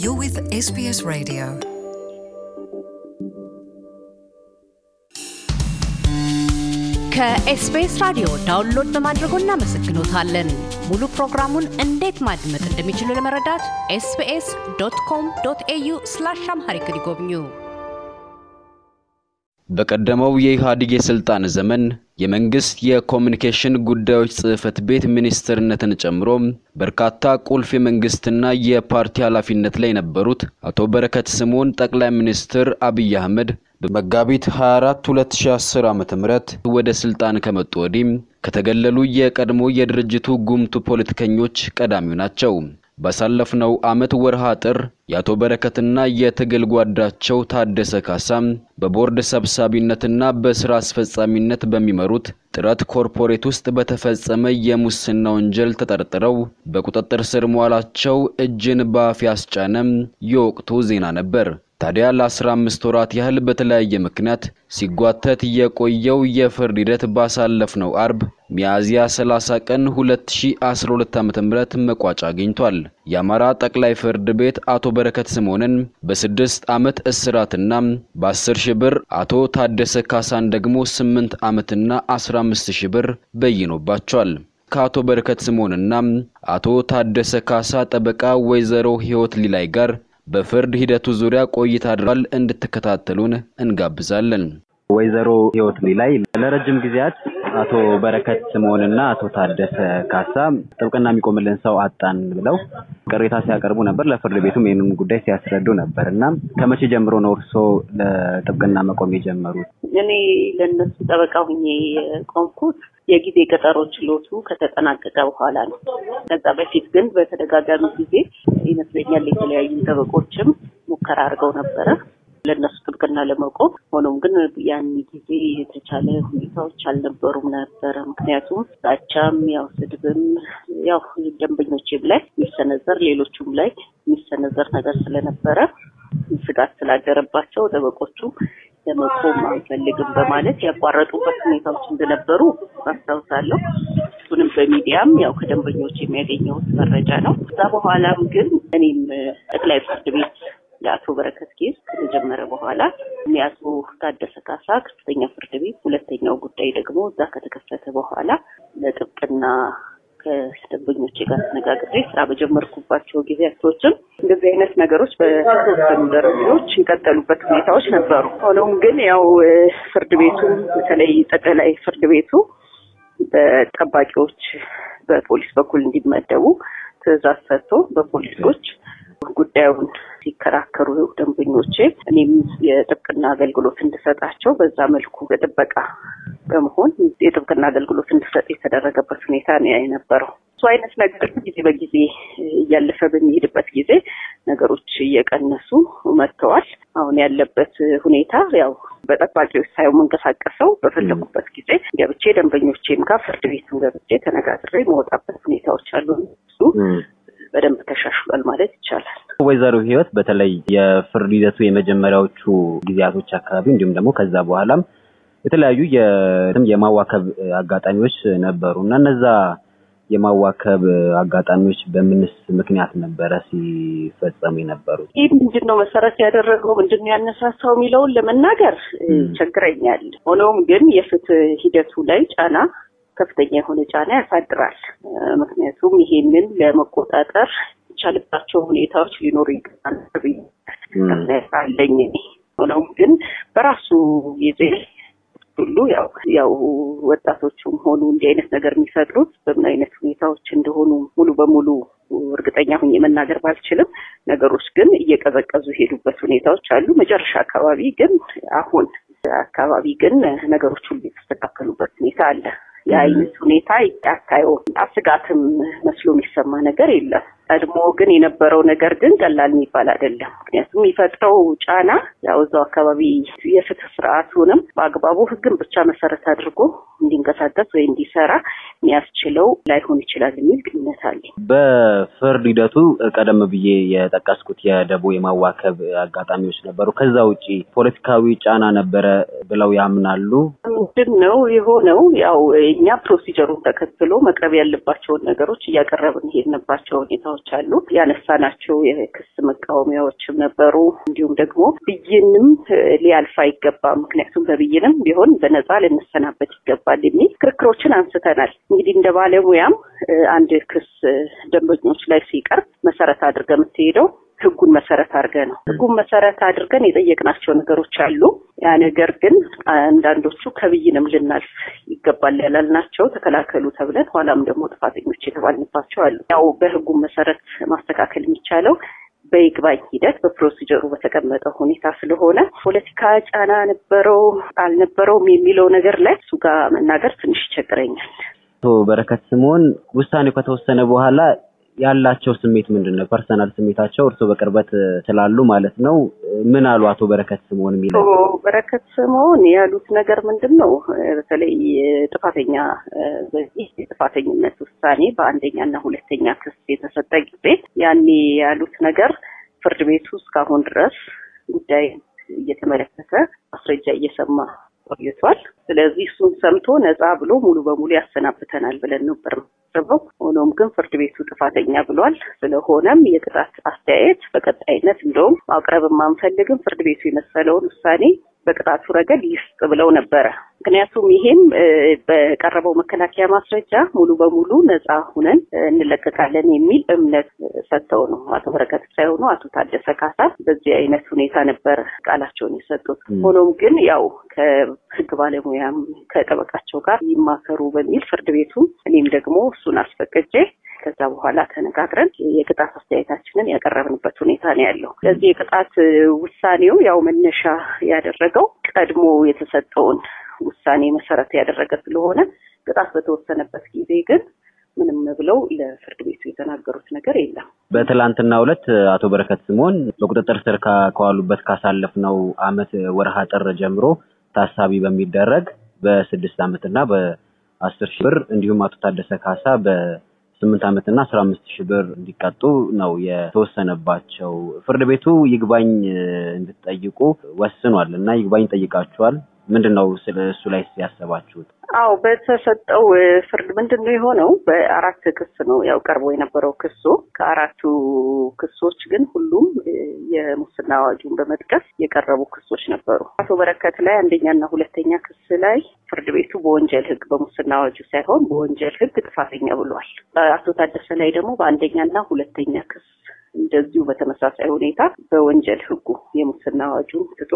You're with SBS Radio. ከኤስቢኤስ ራዲዮ ዳውንሎድ በማድረጎ እናመሰግኖታለን። ሙሉ ፕሮግራሙን እንዴት ማድመጥ እንደሚችሉ ለመረዳት ኤስቢኤስ ዶት ኮም ዶት ኤዩ ስላሽ አምሃሪክ ይጎብኙ። በቀደመው የኢህአዴግ የሥልጣን ዘመን የመንግስት የኮሚኒኬሽን ጉዳዮች ጽህፈት ቤት ሚኒስትርነትን ጨምሮ በርካታ ቁልፍ የመንግስትና የፓርቲ ኃላፊነት ላይ የነበሩት አቶ በረከት ስምኦን ጠቅላይ ሚኒስትር አብይ አህመድ በመጋቢት 24 2010 ዓ.ም ወደ ስልጣን ከመጡ ወዲህ ከተገለሉ የቀድሞ የድርጅቱ ጉምቱ ፖለቲከኞች ቀዳሚው ናቸው። ባሳለፍነው ዓመት ወርሃ ጥር የአቶ በረከትና የትግል ጓዳቸው ታደሰ ካሳም በቦርድ ሰብሳቢነትና በስራ አስፈጻሚነት በሚመሩት ጥረት ኮርፖሬት ውስጥ በተፈጸመ የሙስና ወንጀል ተጠርጥረው በቁጥጥር ስር መዋላቸው እጅን በአፍ ያስጫነም የወቅቱ ዜና ነበር። ታዲያ ለ15 ወራት ያህል በተለያየ ምክንያት ሲጓተት የቆየው የፍርድ ሂደት ባሳለፍነው አርብ ሚያዝያ 30 ቀን 2012 ዓ.ም መቋጫ አግኝቷል። የአማራ ጠቅላይ ፍርድ ቤት አቶ በረከት ስምዖንን በስድስት ዓመት እስራትና በ10 ሺህ ብር አቶ ታደሰ ካሳን ደግሞ 8 ዓመትና 15 ሺህ ብር በይኖባቸዋል። ከአቶ በረከት ስምዖንና አቶ ታደሰ ካሳ ጠበቃ ወይዘሮ ህይወት ሊላይ ጋር በፍርድ ሂደቱ ዙሪያ ቆይታ አድርገዋል። እንድትከታተሉን እንጋብዛለን። ወይዘሮ ህይወት ሊላይ ለረጅም ጊዜያት አቶ በረከት ስምኦንና አቶ ታደሰ ካሳ ጥብቅና የሚቆምልን ሰው አጣን ብለው ቅሬታ ሲያቀርቡ ነበር። ለፍርድ ቤቱም ይህንን ጉዳይ ሲያስረዱ ነበር እና ከመቼ ጀምሮ ነው እርስዎ ለጥብቅና መቆም የጀመሩት? እኔ ለእነሱ ጠበቃ ሁኜ የቆምኩት የጊዜ ቀጠሮ ችሎቱ ከተጠናቀቀ በኋላ ነው። ከዛ በፊት ግን በተደጋጋሚ ጊዜ ይመስለኛል የተለያዩ ጠበቆችም ሙከራ አድርገው ነበረ። ለእነሱ ጥብቅና ለመቆም ሆኖም ግን ያን ጊዜ የተቻለ ሁኔታዎች አልነበሩም ነበረ። ምክንያቱም ዛቻም፣ ያው ስድብም፣ ያው ደንበኞቼም ላይ የሚሰነዘር ሌሎቹም ላይ የሚሰነዘር ነገር ስለነበረ ስጋት ስላደረባቸው ጠበቆቹ ለመቆም አንፈልግም በማለት ያቋረጡበት ሁኔታዎች እንደነበሩ አስታውሳለሁ። እሱንም በሚዲያም ያው ከደንበኞች የሚያገኘውት መረጃ ነው። ከዛ በኋላም ግን እኔም ጠቅላይ ፍርድ ቤት የአቶ በረከት ኬስ ከተጀመረ በኋላ የአቶ ታደሰ ካሳ ከፍተኛ ፍርድ ቤት ሁለተኛው ጉዳይ ደግሞ እዛ ከተከፈተ በኋላ ለጥብቅና ከደንበኞች ጋር ተነጋግሬ ስራ በጀመርኩባቸው ጊዜያቶችም እንደዚህ አይነት ነገሮች በተወሰኑ ደረጃዎች የቀጠሉበት ሁኔታዎች ነበሩ። ሆኖም ግን ያው ፍርድ ቤቱ በተለይ ጠቅላይ ፍርድ ቤቱ በጠባቂዎች በፖሊስ በኩል እንዲመደቡ ትዕዛዝ ሰጥቶ በፖሊሶች ጉዳዩን ሲከራከሩ ደንበኞቼ እኔም የጥብቅና አገልግሎት እንድሰጣቸው በዛ መልኩ በጥበቃ በመሆን የጥብቅና አገልግሎት እንድሰጥ የተደረገበት ሁኔታ ነው የነበረው። እሱ አይነት ነገር ጊዜ በጊዜ እያለፈ በሚሄድበት ጊዜ ነገሮች እየቀነሱ መጥተዋል። አሁን ያለበት ሁኔታ ያው በጠባቂዎች ሳይሆን መንቀሳቀሰው በፈለጉበት ጊዜ ገብቼ ደንበኞቼም ጋር ፍርድ ቤትም ገብቼ ተነጋግሬ መወጣበት ሁኔታዎች አሉ። እሱ በደንብ ተሻሽሏል ማለት ይቻላል። ወይዘሮ ህይወት በተለይ የፍርድ ሂደቱ የመጀመሪያዎቹ ጊዜያቶች አካባቢ እንዲሁም ደግሞ ከዛ በኋላም የተለያዩ የማዋከብ አጋጣሚዎች ነበሩ እና እነዛ የማዋከብ አጋጣሚዎች በምንስ ምክንያት ነበረ ሲፈጸሙ የነበሩት? ይህ ምንድን ነው መሰረት ያደረገው ምንድን ነው ያነሳሳው የሚለውን ለመናገር ይቸግረኛል ሆኖም ግን የፍትህ ሂደቱ ላይ ጫና ከፍተኛ የሆነ ጫና ያሳድራል። ምክንያቱም ይሄንን ለመቆጣጠር ይቻልባቸው ሁኔታዎች ሊኖሩ ይገባል አለኝ። ግን በራሱ ጊዜ ሁሉ ያው ያው ወጣቶቹም ሆኑ እንዲህ አይነት ነገር የሚፈጥሩት በምን አይነት ሁኔታዎች እንደሆኑ ሙሉ በሙሉ እርግጠኛ ሁኝ መናገር ባልችልም ነገሮች ግን እየቀዘቀዙ የሄዱበት ሁኔታዎች አሉ። መጨረሻ አካባቢ ግን አሁን አካባቢ ግን ነገሮች ሁሉ የተስተካከሉበት ሁኔታ አለ። የአይነት ሁኔታ ይቃካዩ ስጋትም መስሎ የሚሰማ ነገር የለም። ቀድሞ ግን የነበረው ነገር ግን ቀላል የሚባል አይደለም። ምክንያቱም የሚፈጥረው ጫና ያው እዛው አካባቢ የፍትህ ስርዓቱንም በአግባቡ ህግን ብቻ መሰረት አድርጎ እንዲንቀሳቀስ ወይ እንዲሰራ የሚያስችለው ላይሆን ይችላል የሚል ግምት አለ። በፍርድ ሂደቱ ቀደም ብዬ የጠቀስኩት የደቦ የማዋከብ አጋጣሚዎች ነበሩ። ከዛ ውጭ ፖለቲካዊ ጫና ነበረ ብለው ያምናሉ? ምንድን ነው የሆነው? ያው እኛ ፕሮሲጀሩን ተከትሎ መቅረብ ያለባቸውን ነገሮች እያቀረብን ሄድንባቸው ሁኔታዎች አሉ። ያነሳናቸው የክስ መቃወሚያዎችም ነበሩ። እንዲሁም ደግሞ ብይንም ሊያልፍ አይገባም፣ ምክንያቱም በብይንም ቢሆን በነጻ ልንሰናበት ይገባል የሚል ክርክሮችን አንስተናል። እንግዲህ እንደ ባለሙያም አንድ ክስ ደንበኞች ላይ ሲቀርብ መሰረት አድርገ የምትሄደው ህጉን መሰረት አድርገ ነው። ህጉን መሰረት አድርገን የጠየቅናቸው ነገሮች አሉ። ያ ነገር ግን አንዳንዶቹ ከብይንም ልናልፍ ይገባል ያላልናቸው ተከላከሉ ተብለን ኋላም ደግሞ ጥፋተኞች የተባልንባቸው አሉ። ያው በህጉን መሰረት ማስተካከል የሚቻለው በይግባኝ ሂደት በፕሮሲጀሩ በተቀመጠ ሁኔታ ስለሆነ ፖለቲካ ጫና ነበረው አልነበረውም የሚለው ነገር ላይ እሱ ጋር መናገር ትንሽ ይቸግረኛል። አቶ በረከት ስምኦን ውሳኔው ከተወሰነ በኋላ ያላቸው ስሜት ምንድን ነው? ፐርሰናል ስሜታቸው እርሶ በቅርበት ስላሉ ማለት ነው። ምን አሉ አቶ በረከት ስምኦን የሚለው በረከት ስምኦን ያሉት ነገር ምንድን ነው? በተለይ ጥፋተኛ በዚህ የጥፋተኝነት ውሳኔ በአንደኛና ሁለተኛ ክስ የተሰጠ ጊዜ ያኔ ያሉት ነገር ፍርድ ቤቱ እስካሁን ድረስ ጉዳይ እየተመለከተ ማስረጃ እየሰማ ቆይቷል። ስለዚህ እሱን ሰምቶ ነጻ ብሎ ሙሉ በሙሉ ያሰናብተናል ብለን ነበር የምናስበው። ሆኖም ግን ፍርድ ቤቱ ጥፋተኛ ብሏል። ስለሆነም የቅጣት አስተያየት በቀጣይነት እንደውም ማቅረብም አንፈልግም፣ ፍርድ ቤቱ የመሰለውን ውሳኔ በቅጣቱ ረገድ ይስጥ ብለው ነበረ። ምክንያቱም ይሄም በቀረበው መከላከያ ማስረጃ ሙሉ በሙሉ ነጻ ሁነን እንለቀቃለን የሚል እምነት ሰጥተው ነው። አቶ በረከት ሳይሆኑ አቶ ታደሰ ካሳ በዚህ አይነት ሁኔታ ነበር ቃላቸውን የሰጡት። ሆኖም ግን ያው ከህግ ባለሙያም ከጠበቃቸው ጋር ይማከሩ በሚል ፍርድ ቤቱ እኔም ደግሞ እሱን አስፈቅጄ ከዛ በኋላ ተነጋግረን የቅጣት አስተያየታችንን ያቀረብንበት ሁኔታ ነው ያለው። ስለዚህ የቅጣት ውሳኔው ያው መነሻ ያደረገው ቀድሞ የተሰጠውን ውሳኔ መሰረት ያደረገ ስለሆነ ቅጣት በተወሰነበት ጊዜ ግን ምንም ብለው ለፍርድ ቤቱ የተናገሩት ነገር የለም። በትላንትና ሁለት አቶ በረከት ስምኦን በቁጥጥር ስር ከዋሉበት ካሳለፍነው አመት ወርሃ ጥር ጀምሮ ታሳቢ በሚደረግ በስድስት ዓመትና በአስር ሺህ ብር እንዲሁም አቶ ታደሰ ካሳ በስምንት ዓመትና አስራ አምስት ሺህ ብር እንዲቀጡ ነው የተወሰነባቸው። ፍርድ ቤቱ ይግባኝ እንድትጠይቁ ወስኗል እና ይግባኝ ጠይቃችኋል። ምንድን ነው ስለ እሱ ላይ ያሰባችሁት? አው በተሰጠው ፍርድ ምንድን ነው የሆነው? በአራት ክስ ነው ያው ቀርቦ የነበረው ክሱ። ከአራቱ ክሶች ግን ሁሉም የሙስና አዋጁን በመጥቀስ የቀረቡ ክሶች ነበሩ። አቶ በረከት ላይ አንደኛና ሁለተኛ ክስ ላይ ፍርድ ቤቱ በወንጀል ሕግ በሙስና አዋጁ ሳይሆን በወንጀል ሕግ ጥፋተኛ ብሏል። አቶ ታደሰ ላይ ደግሞ በአንደኛና ሁለተኛ ክስ እንደዚሁ በተመሳሳይ ሁኔታ በወንጀል ህጉ የሙስና አዋጁን ትቶ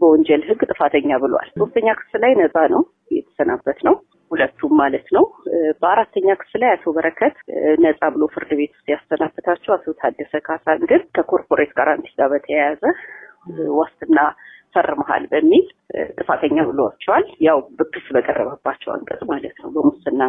በወንጀል ህግ ጥፋተኛ ብሏል። ሶስተኛ ክስ ላይ ነፃ ነው የተሰናበት ነው ሁለቱም ማለት ነው። በአራተኛ ክፍል ላይ አቶ በረከት ነፃ ብሎ ፍርድ ቤት ውስጥ ያሰናበታቸው አቶ ታደሰ ካሳን ግን ከኮርፖሬት ጋራንቲ ጋር በተያያዘ ዋስትና ፈርመሃል በሚል ጥፋተኛ ብሏቸዋል። ያው ክስ በቀረበባቸው አንቀጽ ማለት ነው በሙስና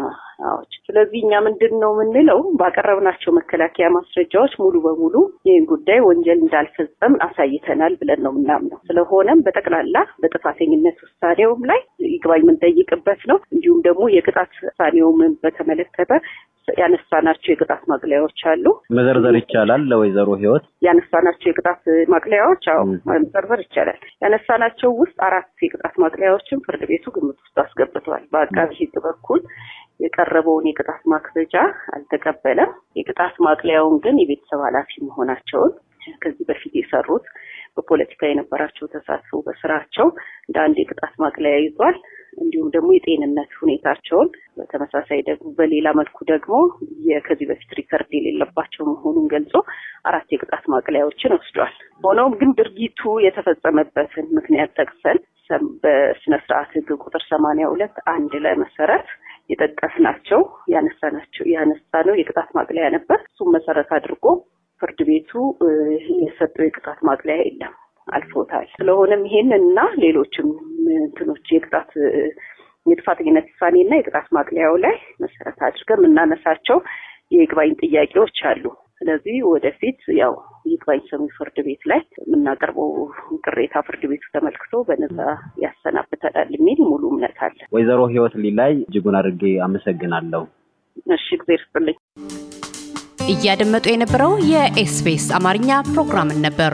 ስለዚህ እኛ ምንድን ነው የምንለው ባቀረብናቸው መከላከያ ማስረጃዎች ሙሉ በሙሉ ይህን ጉዳይ ወንጀል እንዳልፈጸም አሳይተናል ብለን ነው የምናምነው። ስለሆነም በጠቅላላ በጥፋተኝነት ውሳኔውም ላይ ይግባኝ የምንጠይቅበት ነው። እንዲሁም ደግሞ የቅጣት ውሳኔውም በተመለከተ ያነሳናቸው የቅጣት ማቅለያዎች አሉ። መዘርዘር ይቻላል። ለወይዘሮ ህይወት ያነሳናቸው የቅጣት ማቅለያዎች አዎ መዘርዘር ይቻላል። ያነሳናቸው ውስጥ አራት የቅጣት ማቅለያዎችን ፍርድ ቤቱ ግምት ውስጥ አስገብቷል። በአቃቢ ህግ በኩል የቀረበውን የቅጣት ማክበጃ አልተቀበለም። የቅጣት ማቅለያውን ግን የቤተሰብ ኃላፊ መሆናቸውን ከዚህ በፊት የሰሩት በፖለቲካ የነበራቸው ተሳትፎ በስራቸው እንደ አንድ የቅጣት ማቅለያ ይዟል። እንዲሁም ደግሞ የጤንነት ሁኔታቸውን በተመሳሳይ ደግሞ በሌላ መልኩ ደግሞ ከዚህ በፊት ሪከርድ የሌለባቸው መሆኑን ገልጾ አራት የቅጣት ማቅለያዎችን ወስዷል። ሆኖም ግን ድርጊቱ የተፈጸመበትን ምክንያት ጠቅሰን በስነስርዓት ህግ ቁጥር ሰማንያ ሁለት አንድ ላይ መሰረት የጠቀስናቸው ያነሳናቸው ነው የቅጣት ማቅለያ ነበር። እሱም መሰረት አድርጎ ፍርድ ቤቱ የሰጠው የቅጣት ማቅለያ የለም። አልፎታል። ስለሆነም ይሄንን እና ሌሎችም እንትኖች የቅጣት የጥፋተኝነት እና የቅጣት ማቅለያው ላይ መሰረት አድርገን የምናነሳቸው የይግባኝ ጥያቄዎች አሉ። ስለዚህ ወደፊት ያው ይግባኝ ሰሚ ፍርድ ቤት ላይ የምናቀርበው ቅሬታ ፍርድ ቤቱ ተመልክቶ በነፃ ያሰናብተናል የሚል ሙሉ እምነት አለ። ወይዘሮ ህይወት ሊላይ እጅጉን አድርጌ አመሰግናለሁ። እሺ እግዜር ይስጥልኝ። እያደመጡ የነበረው የኤስቢኤስ አማርኛ ፕሮግራምን ነበር።